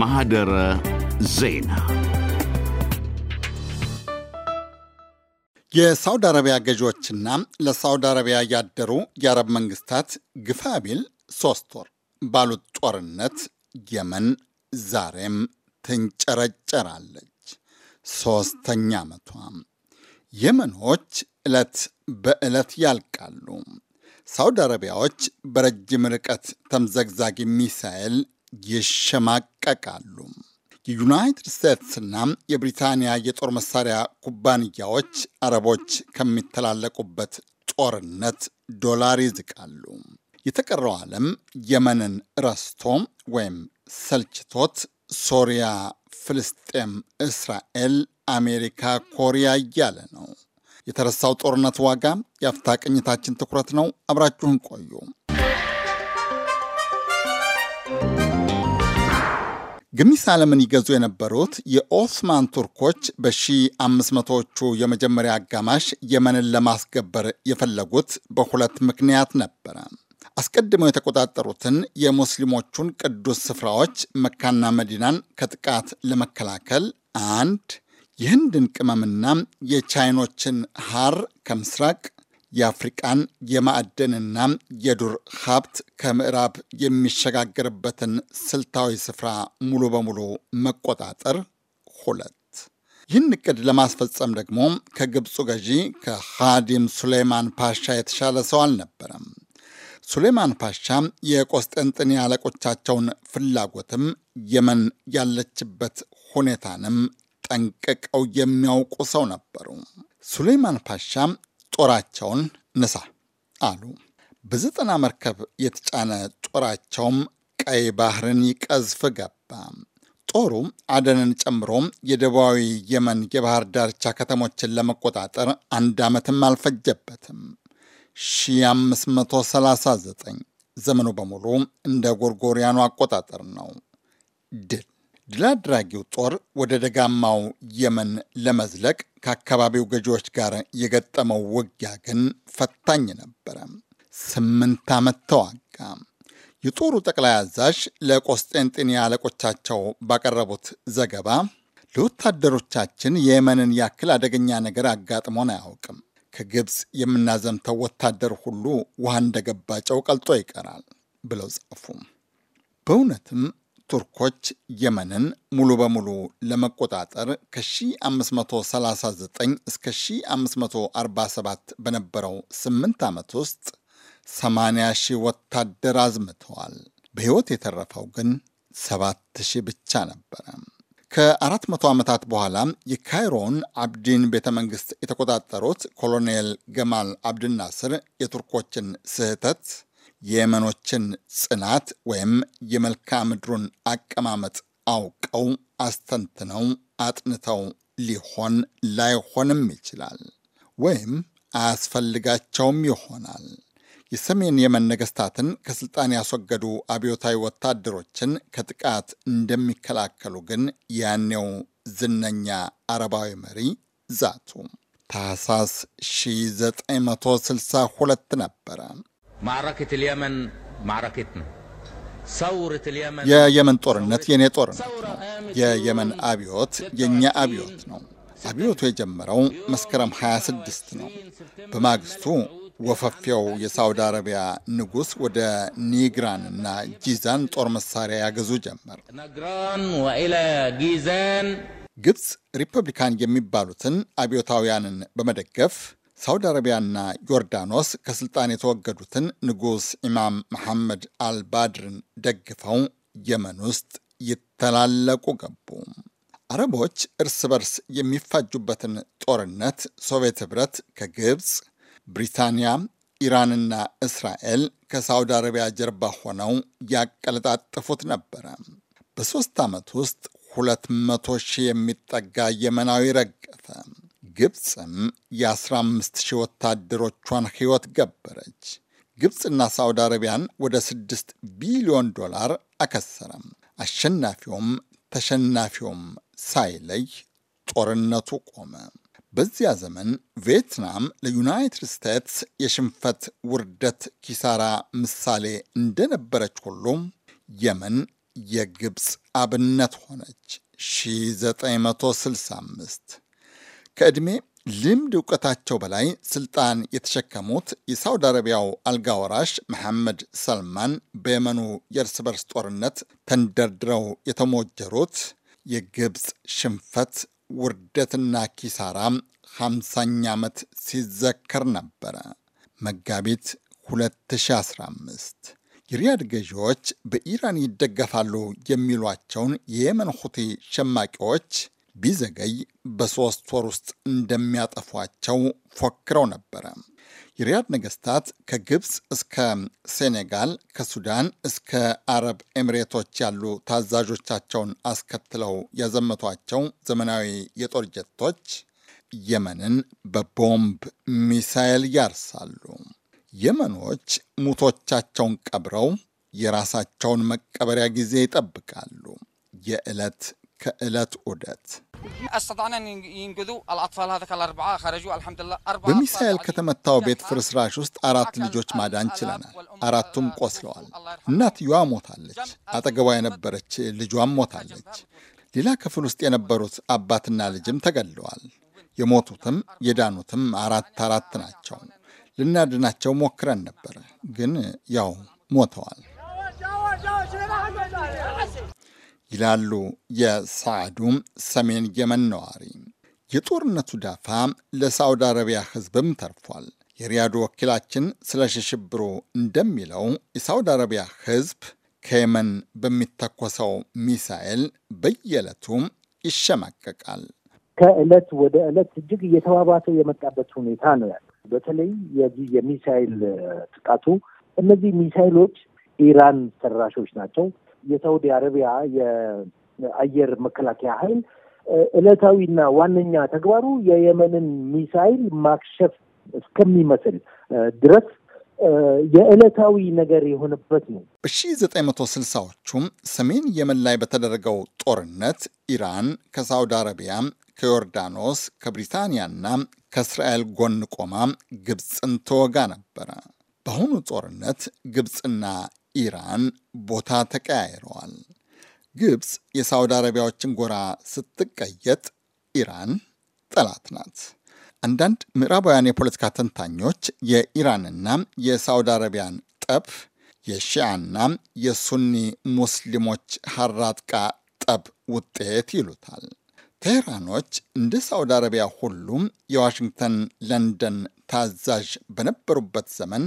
ማህደረ ዜና የሳውዲ አረቢያ ገዢዎችና ለሳውዲ አረቢያ ያደሩ የአረብ መንግስታት ግፋ ቢል ሶስት ወር ባሉት ጦርነት የመን ዛሬም ትንጨረጨራለች። ሶስተኛ ዓመቷ የመኖች ዕለት በዕለት ያልቃሉ። ሳውዲ አረቢያዎች በረጅም ርቀት ተምዘግዛጊ ሚሳኤል ይሸማቀቃሉ። የዩናይትድ ስቴትስና የብሪታንያ የጦር መሳሪያ ኩባንያዎች አረቦች ከሚተላለቁበት ጦርነት ዶላር ይዝቃሉ። የተቀረው ዓለም የመንን ረስቶ ወይም ሰልችቶት ሶሪያ፣ ፍልስጤም፣ እስራኤል፣ አሜሪካ፣ ኮሪያ እያለ ነው። የተረሳው ጦርነት ዋጋ የአፍታ ቅኝታችን ትኩረት ነው። አብራችሁን ቆዩ። ግሚስ ዓለምን ይገዙ የነበሩት የኦስማን ቱርኮች በ1500ዎቹ የመጀመሪያ አጋማሽ የመንን ለማስገበር የፈለጉት በሁለት ምክንያት ነበረ። አስቀድመው የተቆጣጠሩትን የሙስሊሞቹን ቅዱስ ስፍራዎች መካና መዲናን ከጥቃት ለመከላከል አንድ የህንድን ቅመምና የቻይኖችን ሐር ከምስራቅ የአፍሪቃን የማዕደንና የዱር ሀብት ከምዕራብ የሚሸጋገርበትን ስልታዊ ስፍራ ሙሉ በሙሉ መቆጣጠር ሁለት ይህን እቅድ ለማስፈጸም ደግሞ ከግብፁ ገዢ ከሃዲም ሱሌይማን ፓሻ የተሻለ ሰው አልነበረም። ሱሌይማን ፓሻ የቆስጠንጥኔ አለቆቻቸውን ፍላጎትም የመን ያለችበት ሁኔታንም ጠንቅቀው የሚያውቁ ሰው ነበሩ። ሱሌይማን ፓሻ ጦራቸውን ንሳ አሉ። በዘጠና መርከብ የተጫነ ጦራቸውም ቀይ ባህርን ይቀዝፍ ገባ። ጦሩ አደንን ጨምሮ የደቡባዊ የመን የባህር ዳርቻ ከተሞችን ለመቆጣጠር አንድ ዓመትም አልፈጀበትም። 1539 ዘመኑ በሙሉ እንደ ጎርጎሪያኑ አቆጣጠር ነው። ድል ድል አድራጊው ጦር ወደ ደጋማው የመን ለመዝለቅ ከአካባቢው ገዢዎች ጋር የገጠመው ውጊያ ግን ፈታኝ ነበረ። ስምንት ዓመት ተዋጋ። የጦሩ ጠቅላይ አዛዥ ለቆስጤንጢንያ አለቆቻቸው ባቀረቡት ዘገባ ለወታደሮቻችን የየመንን ያክል አደገኛ ነገር አጋጥሞን አያውቅም። ከግብፅ የምናዘምተው ወታደር ሁሉ ውሃ እንደገባ ጨው ቀልጦ ይቀራል ብለው ጻፉ። በእውነትም ቱርኮች የመንን ሙሉ በሙሉ ለመቆጣጠር ከ1539 እስከ 1547 በነበረው 8 ዓመት ውስጥ 80 ሺህ ወታደር አዝምተዋል። በሕይወት የተረፈው ግን 7 ሺህ ብቻ ነበረ። ከአራት መቶ ዓመታት በኋላ የካይሮን አብዲን ቤተ መንግሥት የተቆጣጠሩት ኮሎኔል ገማል አብድናስር የቱርኮችን ስህተት የየመኖችን ጽናት ወይም የመልክዓ ምድሩን አቀማመጥ አውቀው አስተንትነው አጥንተው ሊሆን ላይሆንም ይችላል፣ ወይም አያስፈልጋቸውም ይሆናል። የሰሜን የመን ነገስታትን ከስልጣን ያስወገዱ አብዮታዊ ወታደሮችን ከጥቃት እንደሚከላከሉ ግን ያኔው ዝነኛ አረባዊ መሪ ዛቱ። ታህሳስ 1962 ነበረ። ማዕረከት የየመን ጦርነት የኔ ጦርነት ነው። የየመን አብዮት የእኛ አብዮት ነው። አብዮቱ የጀመረው መስከረም 26 ነው። በማግስቱ ወፈፊያው የሳውዲ አረቢያ ንጉሥ ወደ ኒግራን እና ጂዛን ጦር መሳሪያ ያገዙ ጀመር። ግብፅ ሪፐብሊካን የሚባሉትን አብዮታውያንን በመደገፍ ሳውዲ አረቢያና ዮርዳኖስ ከስልጣን የተወገዱትን ንጉሥ ኢማም መሐመድ አልባድርን ደግፈው የመን ውስጥ ይተላለቁ ገቡ። አረቦች እርስ በርስ የሚፋጁበትን ጦርነት ሶቪየት ኅብረት ከግብፅ፣ ብሪታንያ፣ ኢራንና እስራኤል ከሳውዲ አረቢያ ጀርባ ሆነው ያቀለጣጥፉት ነበረ። በሦስት ዓመት ውስጥ ሁለት ሺህ የሚጠጋ የመናዊ ረግ ግብፅም የ15 ሺህ ወታደሮቿን ሕይወት ገበረች። ግብፅና ሳውዲ አረቢያን ወደ 6 ቢሊዮን ዶላር አከሰረም። አሸናፊውም ተሸናፊውም ሳይለይ ጦርነቱ ቆመ። በዚያ ዘመን ቪየትናም ለዩናይትድ ስቴትስ የሽንፈት ውርደት፣ ኪሳራ ምሳሌ እንደነበረች ሁሉ የመን የግብፅ አብነት ሆነች። 1965 ከዕድሜ ልምድ እውቀታቸው በላይ ስልጣን የተሸከሙት የሳውዲ አረቢያው አልጋ ወራሽ መሐመድ ሰልማን በየመኑ የእርስ በርስ ጦርነት ተንደርድረው የተሞጀሩት የግብፅ ሽንፈት ውርደትና ኪሳራ ሃምሳኛ ዓመት ሲዘከር ነበረ። መጋቢት 2015 የሪያድ ገዢዎች በኢራን ይደገፋሉ የሚሏቸውን የየመን ሁቲ ሸማቂዎች ቢዘገይ በሶስት ወር ውስጥ እንደሚያጠፏቸው ፎክረው ነበረ። የሪያድ ነገስታት ከግብፅ እስከ ሴኔጋል ከሱዳን እስከ አረብ ኤሚሬቶች ያሉ ታዛዦቻቸውን አስከትለው ያዘመቷቸው ዘመናዊ የጦር ጀቶች የመንን በቦምብ ሚሳይል ያርሳሉ። የመኖች ሙቶቻቸውን ቀብረው የራሳቸውን መቀበሪያ ጊዜ ይጠብቃሉ። የዕለት ከዕለት ወደት በሚሳኤል ከተመታው ቤት ፍርስራሽ ውስጥ አራት ልጆች ማዳን ችለናል። አራቱም ቆስለዋል። እናትየዋ ሞታለች። አጠገቧ የነበረች ልጇም ሞታለች። ሌላ ክፍል ውስጥ የነበሩት አባትና ልጅም ተገድለዋል። የሞቱትም የዳኑትም አራት አራት ናቸው። ልናድናቸው ሞክረን ነበር፣ ግን ያው ሞተዋል። ይላሉ የሳዕዱም ሰሜን የመን ነዋሪ። የጦርነቱ ዳፋ ለሳዑዲ አረቢያ ህዝብም ተርፏል። የሪያዱ ወኪላችን ስለ ሽብሩ እንደሚለው የሳዑዲ አረቢያ ህዝብ ከየመን በሚተኮሰው ሚሳኤል በየዕለቱ ይሸማቀቃል። ከዕለት ወደ ዕለት እጅግ እየተባባሰ የመጣበት ሁኔታ ነው ያለው። በተለይ የዚህ የሚሳይል ጥቃቱ እነዚህ ሚሳይሎች ኢራን ሰራሾች ናቸው። የሳውዲ አረቢያ የአየር መከላከያ ኃይል እለታዊና ዋነኛ ተግባሩ የየመንን ሚሳይል ማክሸፍ እስከሚመስል ድረስ የዕለታዊ ነገር የሆነበት ነው ዘጠኝ መቶ ስልሳዎቹም ሰሜን የመን ላይ በተደረገው ጦርነት ኢራን ከሳውዲ አረቢያ፣ ከዮርዳኖስ፣ ከብሪታንያና ከእስራኤል ጎን ቆማ ግብፅን ተወጋ ነበረ። በአሁኑ ጦርነት ግብፅና ኢራን ቦታ ተቀያይረዋል። ግብፅ የሳውዲ አረቢያዎችን ጎራ ስትቀየጥ፣ ኢራን ጠላት ናት። አንዳንድ ምዕራባውያን የፖለቲካ ተንታኞች የኢራንና የሳውዲ አረቢያን ጠብ የሺያና የሱኒ ሙስሊሞች ሀራጥቃ ጠብ ውጤት ይሉታል። ቴህራኖች እንደ ሳውዲ አረቢያ ሁሉም የዋሽንግተን ለንደን ታዛዥ በነበሩበት ዘመን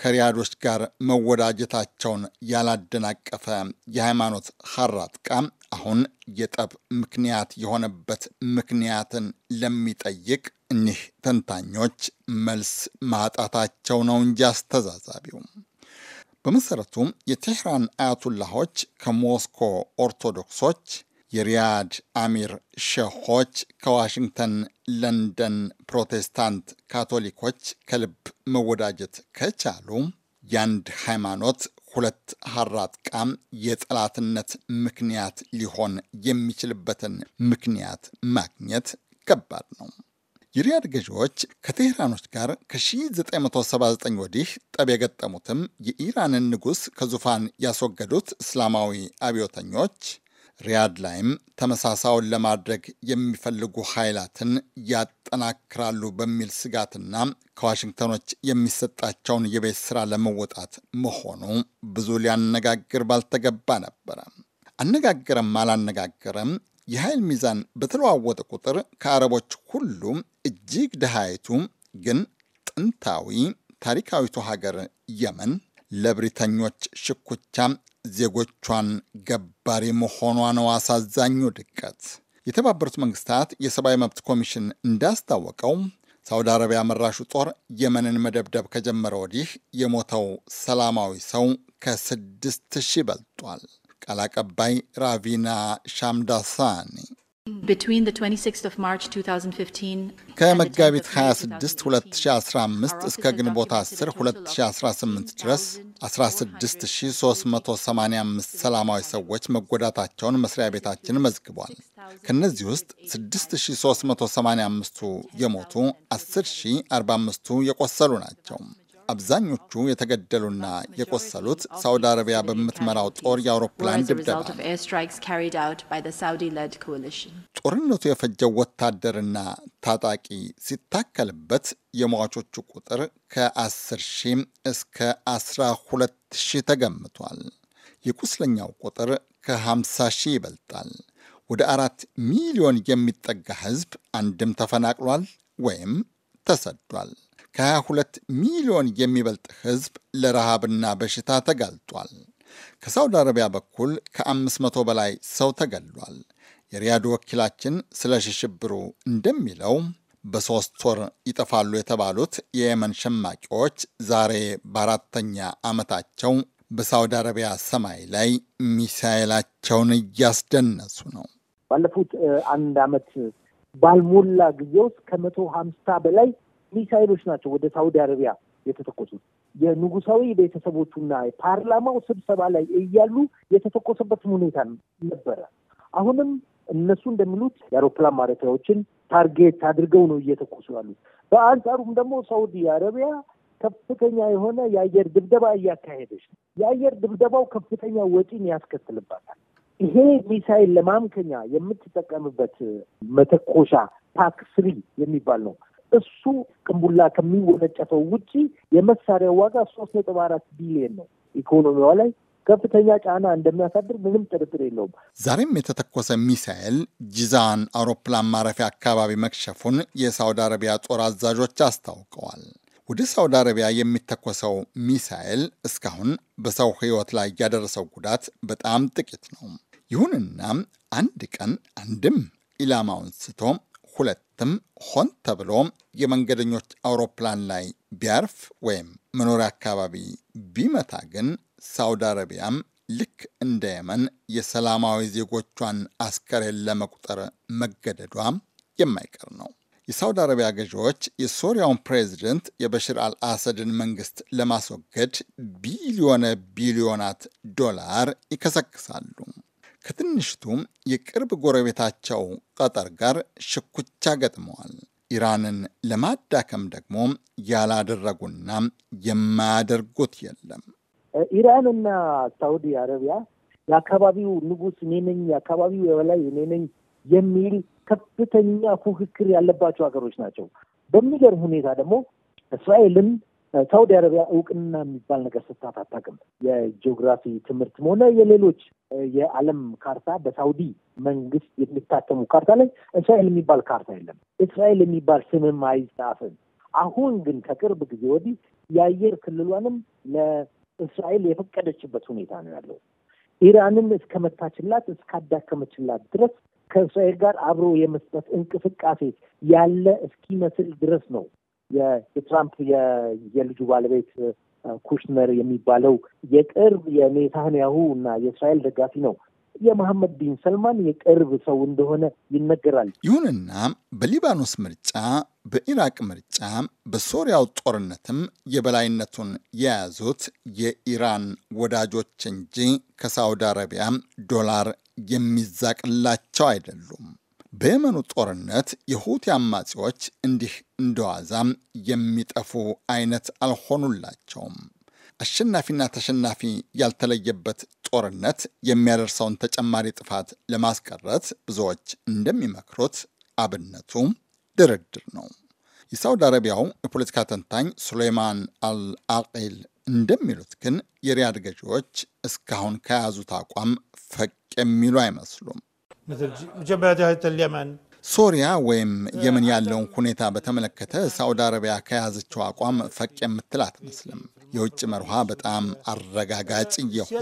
ከሪያዶች ጋር መወዳጀታቸውን ያላደናቀፈ የሃይማኖት ሐራጥቃ አሁን የጠብ ምክንያት የሆነበት ምክንያትን ለሚጠይቅ እኒህ ተንታኞች መልስ ማጣታቸው ነው እንጂ አስተዛዛቢው በመሰረቱ የቴህራን አያቱላሆች ከሞስኮ ኦርቶዶክሶች የሪያድ አሚር ሼሆች ከዋሽንግተን፣ ለንደን ፕሮቴስታንት ካቶሊኮች ከልብ መወዳጀት ከቻሉ የአንድ ሃይማኖት ሁለት ቃም የጠላትነት ምክንያት ሊሆን የሚችልበትን ምክንያት ማግኘት ከባድ ነው። የሪያድ ገዢዎች ከቴህራኖች ጋር ከ1979 ወዲህ ጠብ የገጠሙትም የኢራንን ንጉሥ ከዙፋን ያስወገዱት እስላማዊ አብዮተኞች ሪያድ ላይም ተመሳሳውን ለማድረግ የሚፈልጉ ኃይላትን ያጠናክራሉ በሚል ስጋትና ከዋሽንግተኖች የሚሰጣቸውን የቤት ስራ ለመወጣት መሆኑ ብዙ ሊያነጋግር ባልተገባ ነበረ። አነጋገረም አላነጋገረም የኃይል ሚዛን በተለዋወጠ ቁጥር ከአረቦች ሁሉ እጅግ ድሃይቱ ግን ጥንታዊ ታሪካዊቱ ሀገር የመን ለብሪተኞች ሽኩቻ ዜጎቿን ገባሪ መሆኗ ነው አሳዛኙ ድቀት። የተባበሩት መንግስታት የሰብአዊ መብት ኮሚሽን እንዳስታወቀው ሳውዲ አረቢያ መራሹ ጦር የመንን መደብደብ ከጀመረ ወዲህ የሞተው ሰላማዊ ሰው ከስድስት ሺህ በልጧል። ቃል አቀባይ ራቪና ሻምዳሳኒ ከመጋቢት 26 2015 እስከ ግንቦት 10 2018 ድረስ 16385 ሰላማዊ ሰዎች መጎዳታቸውን መስሪያ ቤታችን መዝግቧል። ከነዚህ ውስጥ 6385ቱ የሞቱ፣ 10045ቱ የቆሰሉ ናቸው። አብዛኞቹ የተገደሉና የቆሰሉት ሳውዲ አረቢያ በምትመራው ጦር የአውሮፕላን ድብደባ ጦርነቱ የፈጀው ወታደርና ታጣቂ ሲታከልበት የሟቾቹ ቁጥር ከ10 ሺህ እስከ 12 ሺህ ተገምቷል። የቁስለኛው ቁጥር ከ50 ሺህ ይበልጣል። ወደ አራት ሚሊዮን የሚጠጋ ህዝብ አንድም ተፈናቅሏል ወይም ተሰዷል። ከ22 ሚሊዮን የሚበልጥ ህዝብ ለረሃብና በሽታ ተጋልጧል። ከሳውዲ አረቢያ በኩል ከ500 በላይ ሰው ተገሏል። የሪያዱ ወኪላችን ስለ ሽሽብሩ እንደሚለው በሦስት ወር ይጠፋሉ የተባሉት የየመን ሸማቂዎች ዛሬ በአራተኛ ዓመታቸው በሳውዲ አረቢያ ሰማይ ላይ ሚሳኤላቸውን እያስደነሱ ነው። ባለፉት አንድ ዓመት ባልሞላ ጊዜ ውስጥ ከመቶ ሀምሳ በላይ ሚሳይሎች ናቸው ወደ ሳውዲ አረቢያ የተተኮሱት። የንጉሳዊ ቤተሰቦቹና ፓርላማው ስብሰባ ላይ እያሉ የተተኮሰበትም ሁኔታ ነበረ። አሁንም እነሱ እንደሚሉት የአውሮፕላን ማረፊያዎችን ታርጌት አድርገው ነው እየተኮሱ ያሉት። በአንጻሩም ደግሞ ሳውዲ አረቢያ ከፍተኛ የሆነ የአየር ድብደባ እያካሄደች ነው። የአየር ድብደባው ከፍተኛ ወጪን ያስከትልባታል። ይሄ ሚሳይል ለማምከኛ የምትጠቀምበት መተኮሻ ፓክ ስሪ የሚባል ነው። እሱ ቅንቡላ ከሚወነጨፈው ውጪ የመሳሪያው ዋጋ ሶስት ነጥብ አራት ቢሊዮን ነው። ኢኮኖሚዋ ላይ ከፍተኛ ጫና እንደሚያሳድር ምንም ጥርጥር የለውም። ዛሬም የተተኮሰ ሚሳኤል ጂዛን አውሮፕላን ማረፊያ አካባቢ መክሸፉን የሳውዲ አረቢያ ጦር አዛዦች አስታውቀዋል። ወደ ሳውዲ አረቢያ የሚተኮሰው ሚሳኤል እስካሁን በሰው ሕይወት ላይ ያደረሰው ጉዳት በጣም ጥቂት ነው። ይሁንና አንድ ቀን አንድም ኢላማውን ስቶ ሁለትም ሆን ተብሎ የመንገደኞች አውሮፕላን ላይ ቢያርፍ ወይም መኖሪያ አካባቢ ቢመታ ግን ሳውዲ አረቢያም ልክ እንደ የመን የሰላማዊ ዜጎቿን አስከሬን ለመቁጠር መገደዷ የማይቀር ነው። የሳውዲ አረቢያ ገዢዎች የሶሪያውን ፕሬዚደንት የበሽር አልአሰድን መንግስት ለማስወገድ ቢሊዮነ ቢሊዮናት ዶላር ይከሰክሳሉ። ከትንሽቱም የቅርብ ጎረቤታቸው ቀጠር ጋር ሽኩቻ ገጥመዋል። ኢራንን ለማዳከም ደግሞ ያላደረጉና የማያደርጉት የለም። ኢራንና ሳውዲ አረቢያ የአካባቢው ንጉስ እኔ ነኝ፣ የአካባቢው የበላይ እኔ ነኝ የሚል ከፍተኛ ፉክክር ያለባቸው ሀገሮች ናቸው። በሚገርም ሁኔታ ደግሞ እስራኤልን ሳውዲ አረቢያ እውቅና የሚባል ነገር ስታት አታውቅም። የጂኦግራፊ ትምህርትም ሆነ የሌሎች የዓለም ካርታ በሳውዲ መንግስት የሚታተሙ ካርታ ላይ እስራኤል የሚባል ካርታ የለም። እስራኤል የሚባል ስምም አይጻፍም። አሁን ግን ከቅርብ ጊዜ ወዲህ የአየር ክልሏንም ለእስራኤል የፈቀደችበት ሁኔታ ነው ያለው። ኢራንን እስከመታችላት እስካዳከመችላት ድረስ ከእስራኤል ጋር አብሮ የመስጠት እንቅስቃሴ ያለ እስኪመስል ድረስ ነው የትራምፕ የልጁ ባለቤት ኩሽነር የሚባለው የቅርብ የኔታንያሁ እና የእስራኤል ደጋፊ ነው። የመሐመድ ቢን ሰልማን የቅርብ ሰው እንደሆነ ይነገራል። ይሁንና በሊባኖስ ምርጫ፣ በኢራቅ ምርጫ፣ በሶሪያው ጦርነትም የበላይነቱን የያዙት የኢራን ወዳጆች እንጂ ከሳውዲ አረቢያ ዶላር የሚዛቅላቸው አይደሉም። በየመኑ ጦርነት የሁቲ አማጺዎች እንዲህ እንደዋዛም የሚጠፉ አይነት አልሆኑላቸውም። አሸናፊና ተሸናፊ ያልተለየበት ጦርነት የሚያደርሰውን ተጨማሪ ጥፋት ለማስቀረት ብዙዎች እንደሚመክሩት አብነቱ ድርድር ነው። የሳውዲ አረቢያው የፖለቲካ ተንታኝ ሱሌይማን አልአቂል እንደሚሉት ግን የሪያድ ገዢዎች እስካሁን ከያዙት አቋም ፈቅ የሚሉ አይመስሉም። ሶሪያ ወይም የመን ያለውን ሁኔታ በተመለከተ ሳውዲ አረቢያ ከያዘችው አቋም ፈቅ የምትል አትመስልም። የውጭ መርሃ በጣም አረጋጋጭ እየሆነ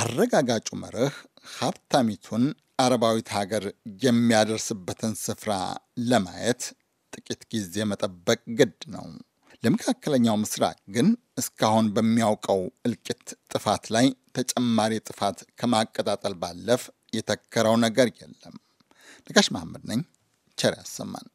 አረጋጋጩ መርህ ሀብታሚቱን አረባዊት ሀገር የሚያደርስበትን ስፍራ ለማየት ጥቂት ጊዜ መጠበቅ ግድ ነው። ለመካከለኛው ምስራቅ ግን እስካሁን በሚያውቀው እልቂት ጥፋት ላይ ተጨማሪ ጥፋት ከማቀጣጠል ባለፍ የተከረው ነገር የለም። ነጋሽ መሐመድ ነኝ። ቸር ያሰማን።